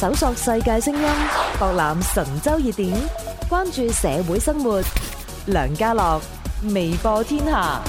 搜索世界聲音，博覽神州熱點，關注社會生活。梁家樂，微博天下。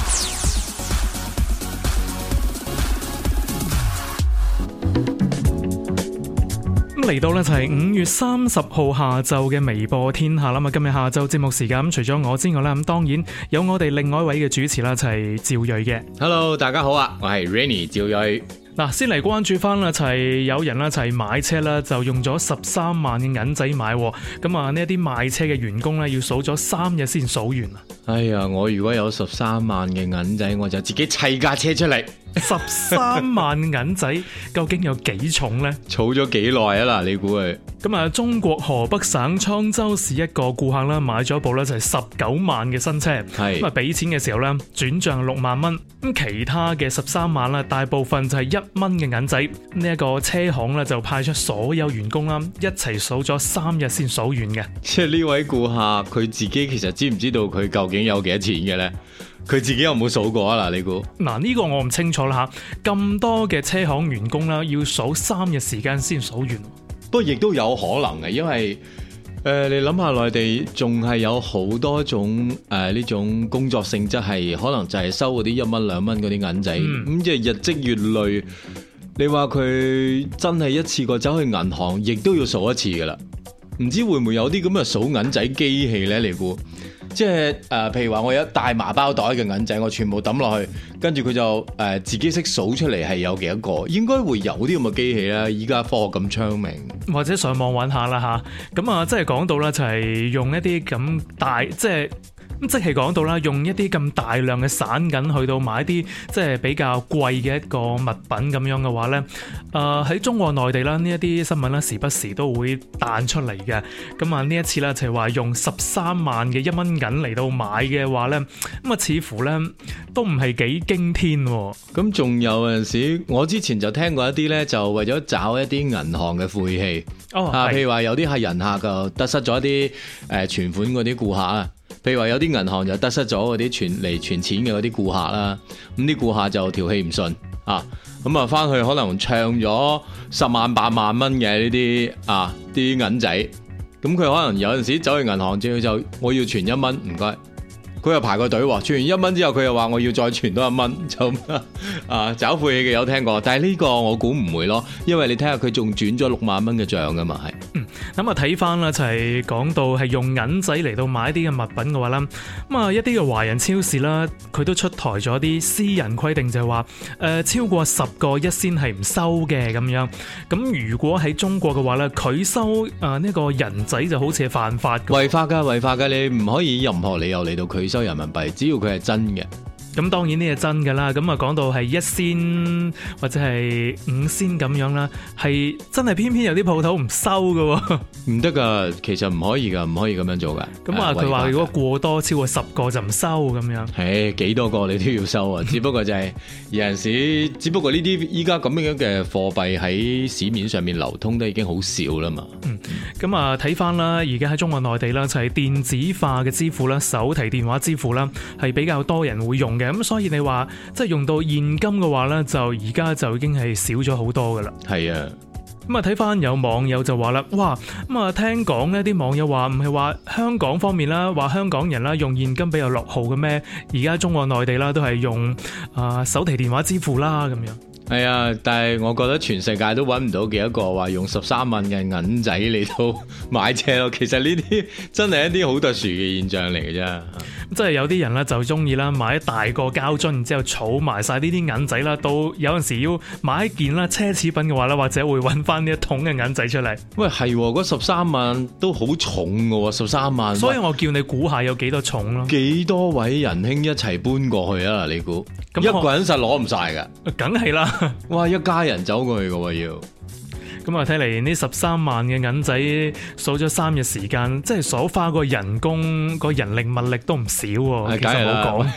咁嚟到呢就係五月三十號下晝嘅微博天下啦。咁今日下晝節目時間咁，除咗我之外咧，咁當然有我哋另外一位嘅主持啦，就係、是、趙瑞嘅。Hello，大家好啊，我係 Rainy 趙瑞。嗱，先嚟關注翻啦，就係有人啦，就係買車啦，就用咗十三萬嘅銀仔買，咁啊呢一啲賣車嘅員工咧，要數咗三日先數完啊！哎呀，我如果有十三萬嘅銀仔，我就自己砌架車出嚟。 十三萬銀仔究竟有幾重呢？儲咗幾耐啊？嗱，你估佢？咁啊，中國河北省滄州市一個顧客啦，買咗部咧就係十九萬嘅新車。係咁啊，俾、嗯、錢嘅時候咧，轉賬六萬蚊，咁其他嘅十三萬啦，大部分就係一蚊嘅銀仔。呢、這、一個車行咧就派出所有員工啦，一齊數咗三日先數完嘅。即係呢位顧客佢自己其實知唔知道佢究竟有幾多錢嘅呢？佢自己有冇數過啊？嗱，你估？嗱，呢個我唔清楚啦吓，咁多嘅車行員工啦，要數三日時間先數完，不過亦都有可能嘅，因為誒、呃，你諗下內地仲係有好多種誒呢、呃、種工作性質係可能就係收嗰啲一蚊兩蚊嗰啲銀仔，咁即係日積月累，你話佢真係一次過走去銀行，亦都要數一次噶啦。唔知會唔會有啲咁嘅數銀仔機器咧嚟估，即係誒，譬如話我有大麻包袋嘅銀仔，我全部抌落去，跟住佢就誒、呃、自己識數出嚟係有幾多個，應該會有啲咁嘅機器啦。依家科學咁昌明，或者上網揾下啦吓，咁啊，即係講到咧，就係用一啲咁大即係。即係講到啦，用一啲咁大量嘅散銀去到買一啲即係比較貴嘅一個物品咁樣嘅話咧，誒、呃、喺中國內地啦，呢一啲新聞咧，時不時都會彈出嚟嘅。咁啊呢一次啦，就係、是、話用十三萬嘅一蚊銀嚟到買嘅話咧，咁、嗯、啊似乎咧都唔係幾驚天、啊。咁仲有陣時，我之前就聽過一啲咧，就為咗找一啲銀行嘅晦氣，哦、啊，是譬如話有啲係人客就得失咗一啲誒存款嗰啲顧客啊。譬如話有啲銀行就得失咗嗰啲存嚟存錢嘅嗰啲顧客啦，咁啲顧客就條氣唔順啊，咁啊翻去可能唱咗十萬八萬蚊嘅呢啲啊啲銀仔，咁佢可能有陣時走去銀行仲要之後就我要存一蚊唔該，佢又排個隊喎，存完一蚊之後佢又話我要再存多一蚊，就啊找晦氣嘅有聽過，但係呢個我估唔會咯，因為你睇下佢仲轉咗六萬蚊嘅賬噶嘛係。咁啊，睇返啦，就係、是、講到係用銀仔嚟到買啲嘅物品嘅話啦，咁啊一啲嘅華人超市啦，佢都出台咗啲私人規定就，就係話誒超過十個一先係唔收嘅咁樣。咁如果喺中國嘅話咧，拒收啊呢、呃這個人仔就好似係犯法。違法噶，違法噶，你唔可以任何理由嚟到拒收人民幣，只要佢係真嘅。咁當然呢個真噶啦，咁啊講到係一仙或者係五仙咁樣啦，係真係偏偏有啲鋪頭唔收噶喔，唔得噶，其實唔可以噶，唔可以咁樣做噶。咁啊佢話如果過多超過十個就唔收咁樣。係幾多個你都要收啊？ 只不過就係有陣時，只不過呢啲依家咁樣嘅貨幣喺市面上面流通都已經好少啦嘛。嗯，咁啊睇翻啦，而家喺中國內地啦，就係電子化嘅支付啦，手提電話支付啦，係比較多人會用。咁所以你話即係用到現金嘅話咧，就而家就已經係少咗好多噶啦。係啊，咁啊睇翻有網友就話啦，哇，咁、嗯、啊聽講呢啲網友話唔係話香港方面啦，話香港人啦用現金比較落後嘅咩？而家中國內地啦都係用啊、呃、手提電話支付啦咁樣。係啊，但係我覺得全世界都揾唔到幾多個話用十三萬嘅銀仔嚟到買車咯。其實呢啲真係一啲好特殊嘅現象嚟嘅啫。即係有啲人咧就中意啦，買一大個膠樽，然之後儲埋晒呢啲銀仔啦，到有陣時要買一件啦，奢侈品嘅話咧，或者會揾翻呢一桶嘅銀仔出嚟。喂，係嗰十三萬都好重㗎，十三萬。所以我叫你估下有幾多重咯。幾多位仁兄一齊搬過去啊？你估我一個人實攞唔晒㗎？梗係、啊、啦。哇，一家人走過去嘅要。咁啊，睇嚟呢十三萬嘅銀仔數咗三日時間，即係所花個人工、個人力、物力都唔少、哦。係梗係啦，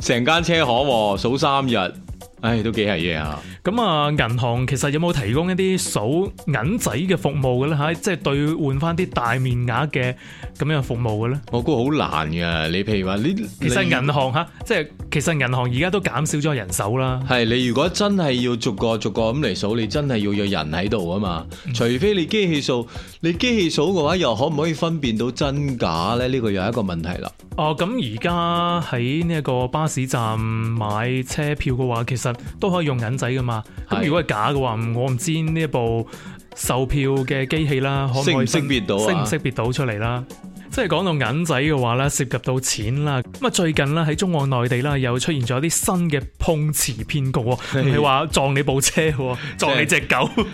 成間 車行數、哦、三日。唉，都幾係嘢吓。咁啊，銀、啊、行其實有冇提供一啲數銀仔嘅服務嘅咧？吓、啊，即係兌換翻啲大面額嘅咁樣嘅服務嘅咧？我估好難㗎。你譬如話呢、啊，其實銀行吓，即係其實銀行而家都減少咗人手啦。係你如果真係要逐個逐個咁嚟數，你真係要有人喺度啊嘛。嗯、除非你機器數，你機器數嘅話，又可唔可以分辨到真假咧？呢、這個又係一個問題啦。哦、啊，咁而家喺呢一個巴士站買車票嘅話，其實。都可以用銀仔噶嘛？咁是如果係假嘅話，我唔知呢一部售票嘅機器啦，可唔可以識別到？識唔識別到出嚟啦？即係講到銀仔嘅話咧，涉及到錢啦。咁啊，最近咧喺中國內地啦，又出現咗啲新嘅碰瓷騙局，唔係話撞你部車，是撞你隻狗，就是，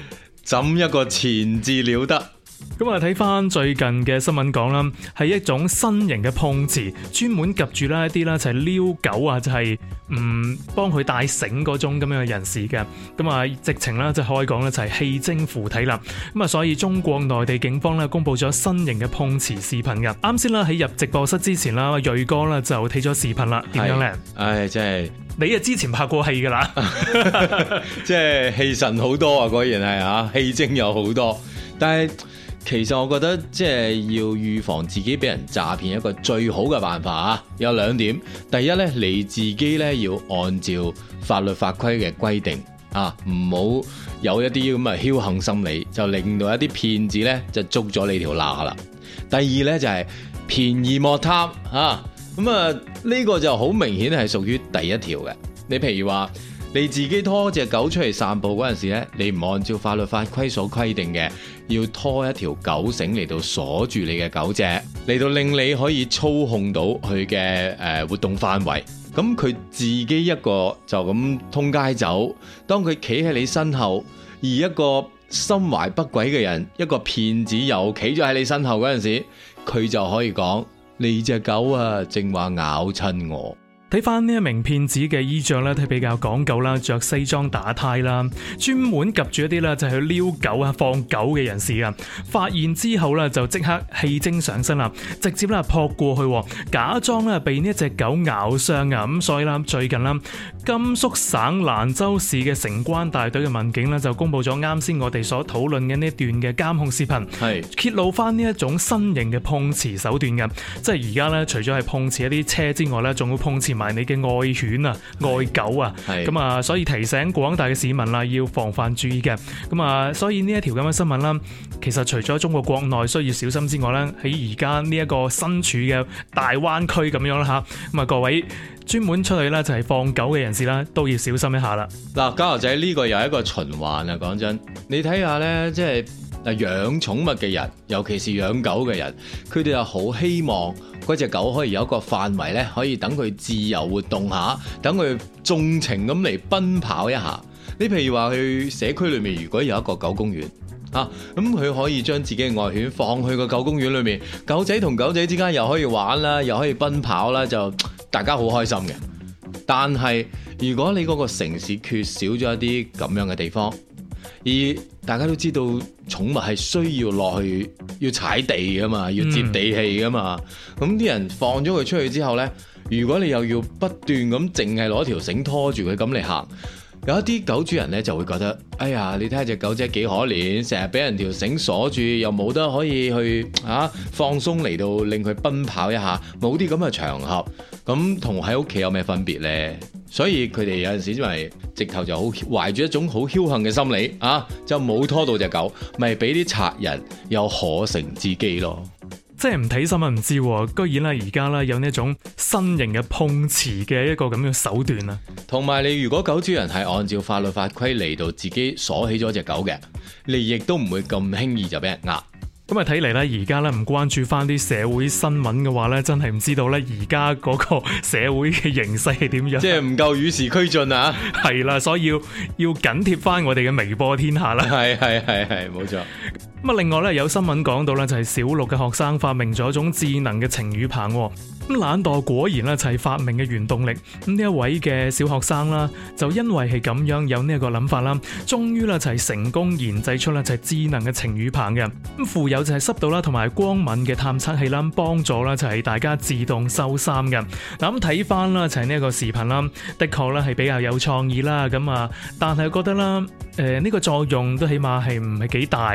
怎 一個錢字了得？咁啊，睇翻最近嘅新聞講啦，係一種新型嘅碰瓷，專門夾住咧一啲咧就係遛狗啊，就係唔幫佢帶繩嗰種咁樣嘅人士嘅。咁啊，直情啦，就可以講咧，就係戲精附體啦。咁啊，所以中國內地警方咧公布咗新型嘅碰瓷視頻嘅。啱先啦，喺入直播室之前啦，瑞哥啦就睇咗視頻啦，點是樣咧？唉、哎，真、就、係、是、你啊，之前拍過戲噶啦，即係戲神好多啊，果然係啊，戲精有好多，但係。其實我覺得即係要預防自己俾人詐騙一個最好嘅辦法啊，有兩點。第一咧，你自己咧要按照法律法規嘅規定啊，唔好有一啲咁嘅僥幸心理，就令到一啲騙子咧就捉咗你條罅啦。第二咧就係便宜莫貪啊，咁啊呢個就好明顯係屬於第一條嘅。你譬如話。你自己拖隻狗出嚟散步嗰陣時咧，你唔按照法律法規所規定嘅，要拖一條狗繩嚟到鎖住你嘅狗隻，嚟到令你可以操控到佢嘅誒活動範圍。咁、嗯、佢自己一個就咁通街走，當佢企喺你身後，而一個心懷不軌嘅人，一個騙子又企咗喺你身後嗰陣時，佢就可以講：你隻狗啊，正話咬親我。睇翻呢一名騙子嘅衣着呢，都係比較講究啦，着西裝打呔啦，專門夾住一啲呢，就係去撩狗啊、放狗嘅人士啊，發現之後呢，就即刻戲精上身啦，直接咧撲過去，假裝咧被呢一隻狗咬傷啊，咁所以啦最近啦。甘肅省蘭州市嘅城關大隊嘅民警呢，就公布咗啱先我哋所討論嘅呢段嘅監控視頻，係是揭露翻呢一種新型嘅碰瓷手段嘅，即係而家呢，除咗係碰瓷一啲車之外呢，仲會碰瓷埋你嘅愛犬啊、愛狗啊，咁啊是，所以提醒廣大嘅市民啦，要防範注意嘅，咁啊，所以呢一條咁嘅新聞啦，其實除咗中國國內需要小心之外呢，喺而家呢一個身處嘅大灣區咁樣啦嚇，咁啊各位。專門出去咧，就係放狗嘅人士啦，都要小心一下啦。嗱，加油仔，呢個又係一個循環啊。講真，你睇下呢，即係啊，養寵物嘅人，尤其是養狗嘅人，佢哋又好希望嗰隻狗可以有一個範圍呢，可以等佢自由活動下，等佢縱情咁嚟奔跑一下。你譬如話去社區裏面，如果有一個狗公園啊，咁佢可以將自己嘅外犬放去個狗公園裏面，狗仔同狗仔之間又可以玩啦，又可以奔跑啦，就。大家好開心嘅，但係如果你嗰個城市缺少咗一啲咁樣嘅地方，而大家都知道寵物係需要落去要踩地㗎嘛，要接地氣㗎嘛，咁啲、嗯、人放咗佢出去之後呢，如果你又要不斷咁淨係攞條繩拖住佢咁嚟行。有一啲狗主人咧就會覺得，哎呀，你睇下隻狗仔幾可憐，成日俾人條繩鎖住，又冇得可以去嚇、啊、放鬆嚟到令佢奔跑一下，冇啲咁嘅場合，咁同喺屋企有咩分別咧？所以佢哋有陣時因為直頭就好懷住一種好僥倖嘅心理，啊，就冇拖到隻狗，咪俾啲賊人有可乘之機咯。即係唔睇新聞唔知，居然咧而家咧有呢一種新型嘅碰瓷嘅一個咁嘅手段啊！同埋你如果狗主人係按照法律法規嚟到自己鎖起咗隻狗嘅，你亦都唔會咁輕易就俾人呃。咁啊睇嚟咧，而家咧唔關注翻啲社會新聞嘅話咧，真係唔知道咧而家嗰個社會嘅形勢係點樣。即係唔夠與時俱進啊！係啦， 所以要要緊貼翻我哋嘅微博天下啦。係係係係，冇錯。咁另外咧，有新聞講到啦，就係小六嘅學生發明咗一種智能嘅晴雨棚。咁懶惰果然咧就係發明嘅原動力。咁呢一位嘅小學生啦，就因為係咁樣有呢一個諗法啦，終於啦就係成功研製出啦就係智能嘅晴雨棚嘅。咁附有就係濕度啦同埋光敏嘅探測器啦，幫助啦就係大家自動收衫嘅。嗱，咁睇翻啦就係呢一個視頻啦，的確啦係比較有創意啦。咁啊，但係覺得啦，誒呢個作用都起碼係唔係幾大。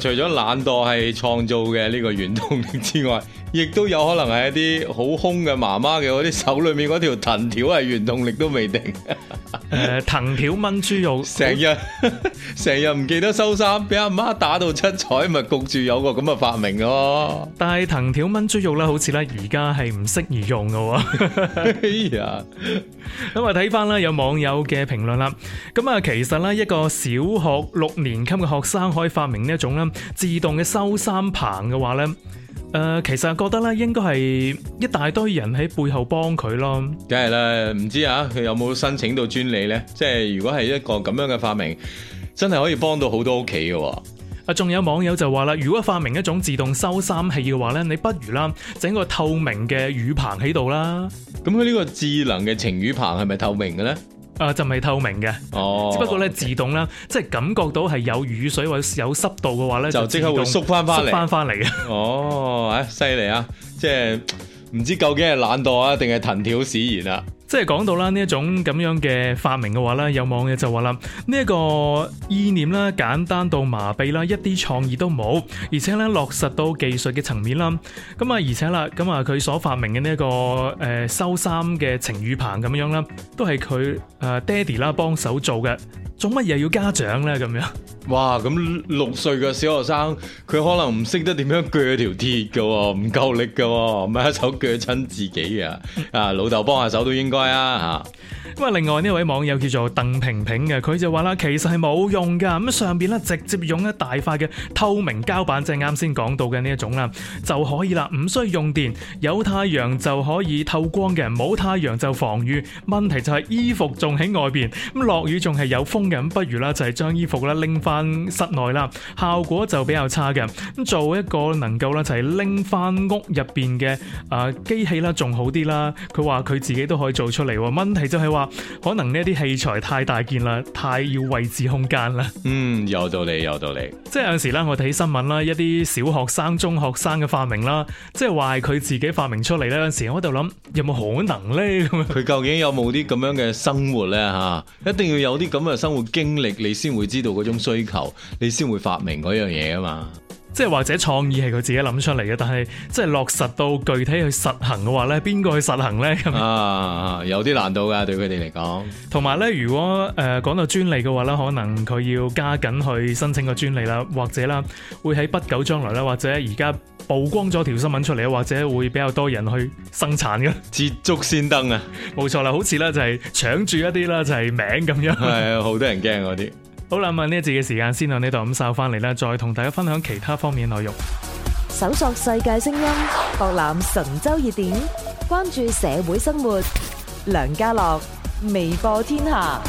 除咗懶惰係創造嘅呢個原動力之外，亦都有可能係一啲好兇嘅媽媽嘅嗰啲手裏面嗰條藤條係原動力都未定。誒、呃，藤條炆豬肉，成日成日唔記得收衫，俾阿媽打到七彩，咪焗住有個咁嘅發明咯。但係藤條炆豬肉咧，好似咧而家係唔適宜用㗎。哎呀，咁啊睇翻啦，有網友嘅評論啦。咁、嗯、啊，其實咧一個小學六年級嘅學生可以發明呢一種咧。自動嘅收衫棚嘅話咧，誒、呃，其實覺得咧，應該係一大堆人喺背後幫佢咯。梗係啦，唔知啊，佢有冇申請到專利咧？即係如果係一個咁樣嘅發明，真係可以幫到好多屋企嘅。啊，仲有網友就話啦，如果發明一種自動收衫器嘅話咧，你不如啦，整個透明嘅雨棚喺度啦。咁佢呢個智能嘅晴雨棚係咪透明嘅咧？啊、呃，就唔係透明嘅，哦、只不過咧自動啦，okay. 即係感覺到係有雨水或者有濕度嘅話咧，就即自刻會縮翻翻嚟，翻翻嚟嘅。哦，啊、哎，犀利啊！即係唔知究竟係懶惰啊，定係藤條使然啊？即係講到啦，呢一種咁樣嘅發明嘅話咧，有網友就話啦，呢、這、一個意念啦，簡單到麻痹啦，一啲創意都冇，而且咧落實到技術嘅層面啦，咁啊而且啦，咁啊佢所發明嘅呢、這個呃、一個誒收衫嘅晴雨棚咁樣啦，都係佢誒爹哋啦幫手做嘅，做乜嘢要家長咧咁樣？哇！咁六歲嘅小學生，佢可能唔識得點樣鋸條鐵㗎，唔夠力㗎，唔係一手鋸親自己啊，啊老豆幫下手都應該。係啊，咁啊！另外呢位網友叫做鄧平平嘅，佢就話啦，其實係冇用噶。咁上邊咧直接用一大塊嘅透明膠板，即係啱先講到嘅呢一種啦，就可以啦，唔需要用電，有太陽就可以透光嘅，冇太陽就防雨。問題就係衣服仲喺外邊，咁落雨仲係有風嘅，咁不如啦就係將衣服啦拎翻室內啦，效果就比較差嘅。咁做一個能夠啦就係拎翻屋入邊嘅啊機器啦，仲好啲啦。佢話佢自己都可以做。出嚟喎，問題就係話可能呢啲器材太大件啦，太要位置空間啦。嗯，有道理，有道理。即係有時咧，我睇新聞啦，一啲小學生、中學生嘅發明啦，即係話係佢自己發明出嚟呢，有時我喺度諗，有冇可能咧？佢 究竟有冇啲咁樣嘅生活呢？嚇，一定要有啲咁嘅生活經歷，你先會知道嗰種需求，你先會發明嗰樣嘢啊嘛。即係或者創意係佢自己諗出嚟嘅，但係即係落實到具體去實行嘅話咧，邊個去實行咧？啊，有啲難度噶對佢哋嚟講。同埋咧，如果誒、呃、講到專利嘅話咧，可能佢要加緊去申請個專利啦，或者啦，會喺不久將來啦，或者而家曝光咗條新聞出嚟，或者會比較多人去生產嘅。捷足先登啊！冇錯啦，好似咧就係搶住一啲啦，就係名咁樣。係啊，好多人驚嗰啲。好啦，問呢一節嘅時間先啦，呢度咁，稍翻嚟啦，再同大家分享其他方面內容。搜索世界聲音，博覽神州熱點，關注社會生活。梁家樂，微博天下。